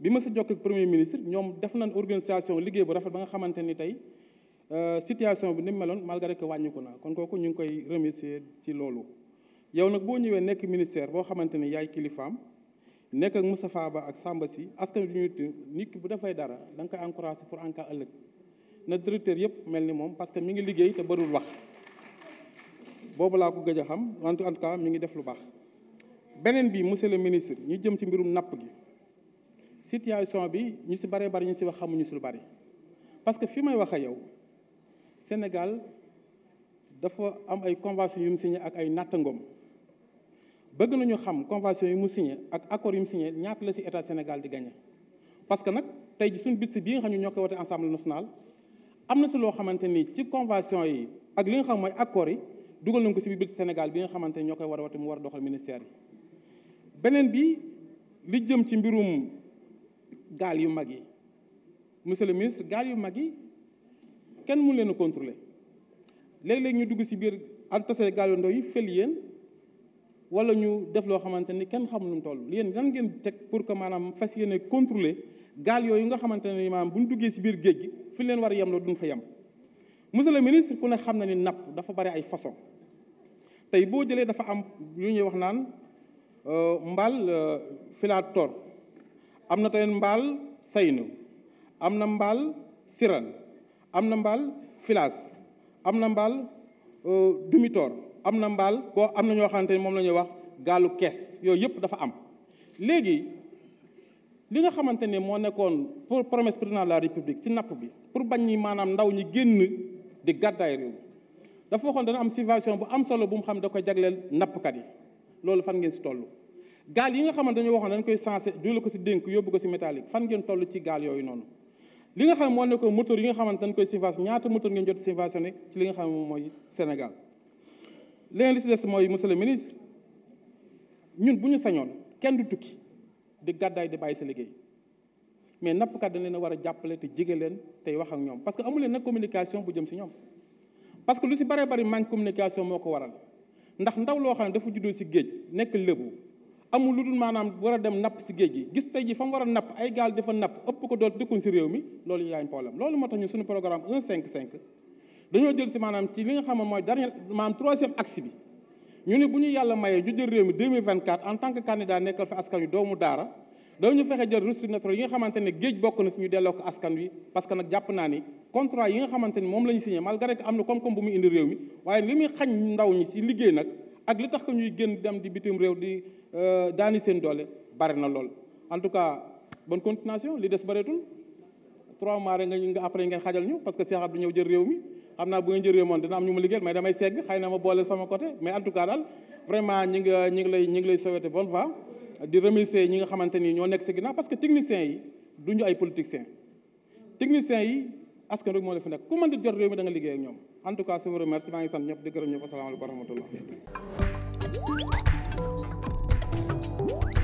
bi ma si jokk premier ministre ñoom def nañ organisation liggéey bu rafet ba nga xamante ni tey euh, situation bi ni mu meloon malgré que wàññiku na kon kooku ñu ngi koy remercier ci loolu. yow nag boo ñëwee nekk ministère boo xamante ni yaay kilifaam nekk ak Moustapha Ba ak sàmba si askan bi ñu nit ki bu defay dara danga nga koy encouragé pour en ëllëg na directeur yëpp mel ni moom parce que mi ngi liggéey te bërul wax boobu laa ko gëj a xam en tout cas mi ngi def lu baax. beneen bi monsieur le ministre ñu jëm ci mbirum napp gi. situation bi ñu si bëree bari ñu si wax xamuñu si lu bari parce que fi may wax ak yow Sénégal dafa am ay convention yu mu signé ak ay nattangoom bëgg nañu xam convention yu mu signé ak accord yu mu ñaata la si état Sénégal di gagné. parce que nag tey ji suñu bit si bii nga xam ne ñoo koy wote Assemblée nationale am na si loo xamante ni ci convention yi ak li nga xam mooy accord yi dugal nañ ko si biir bit Sénégal bi nga xamante ni ñoo koy war a wote mu war a doxal ministère yi beneen bi li jëm ci mbirum. gaal yu mag yi monsieur le ministre gaal yu mag yi kenn mun leen a léeg-léeg ñu dugg si biir ak tasee gaal yu ndaw yi fël yéen wala ñu def loo xamante ni kenn xamul nu mu toll yéen nan ngeen teg pour que maanaam fas yéene contrôler gaal yooyu nga xamante ne maanaam bu ñu duggee si biir géej gi fi leen war a yem la duñ fa yem. monsieur le ministre ku ne xam na ni napp dafa bari ay façon tey boo jëlee dafa am lu ñuy wax naan euh, mbal euh, filaat tor am na tamit mbaal saynu am na mbaal siran am na mbaal filaas am na mbaal dumitoor am na mbaal boo am na ñoo waxante ni moom la wax gaalu kees yooyu yëpp dafa am léegi li nga xamante ne moo nekkoon pour promesse président de la république ci napp bi pour bañ ñi maanaam ndaw ñi génn di gàddaay réew dafa waxoon dana am subvention bu am solo bu mu xam da ko jagleel nappkat yi loolu fan ngeen si toll gaal yi nga xamante dañu waxoon dañ koy sensé du ko si dénk yóbbu ko si métallique fan ngeen toll ci gaal yooyu noonu li nga xam moo ne ko moteur yi nga xamante dañ koy subventionné ñaata moteur ngeen jot subventionné ci li nga xam moom mooy Sénégal leneen li si des mooy le ministre ñun bu ñu sañoon kenn du tukki di gàddaay di bàyyi sa liggéey mais nappkat dañ leen war a jàppale te leen tey wax ak ñoom parce que amu leen nag communication bu jëm si ñoom parce que lu si bare bari manque communication moo ko waral ndax ndaw loo xam ne dafa juddoo si géej nekk lébu amul lu dul maanaam war a dem napp si géej gi gis tey ji fa mu war a napp ay gaal dafa napp ëpp ko dool dëkkuñ si réew mi loolu yaay problème loolu moo tax li nga xam ne mooy dernier maanaam bi ñu ne bu ñu yàlla mayee ñu jël réew mi 2024 en tant que candidat nekkal fi askan wi doomu daara dañu fexe jël ressources naturelles yi nga xamante ne géej bokk na si ñu delloo ko askan wi parce que nag jàpp naa ni contrat yi nga xamante moom la si signé malgré que am na koom-koom bu mu indi réew mi waaye li muy si liggéey nag ak li tax que ñuy gën dem di bitim réew di euh, daani seen doole bari na lool en tout cas bonne continuation li des bareetul trois mois rek nga après ngeen xajal ñu parce que Cheikh Abdou ñëw jël réew mi xam naa bu ngeen jël réew moom dina am ñu ma liggéeyal mais damay segg xëy na ma boole sama côté mais en daal vraiment ñi nga ñi ngi lay ñi ngi lay souhaiter bonne di remercier ñi nga xamante ni ñoo nekk si ginnaaw parce que techniciens yi du ñu yi askan rek moo la di jot réew mi da nga ñoom en tout cas je vous remercie maa ngi sant ñëpp di gërëm ñëpp asalaamaaleykum wa rahmatullah